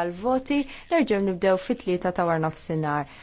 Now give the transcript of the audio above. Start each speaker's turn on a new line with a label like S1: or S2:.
S1: għal-voti, nerġgħu nibdew fit-tlieta ta' war nofsinhar.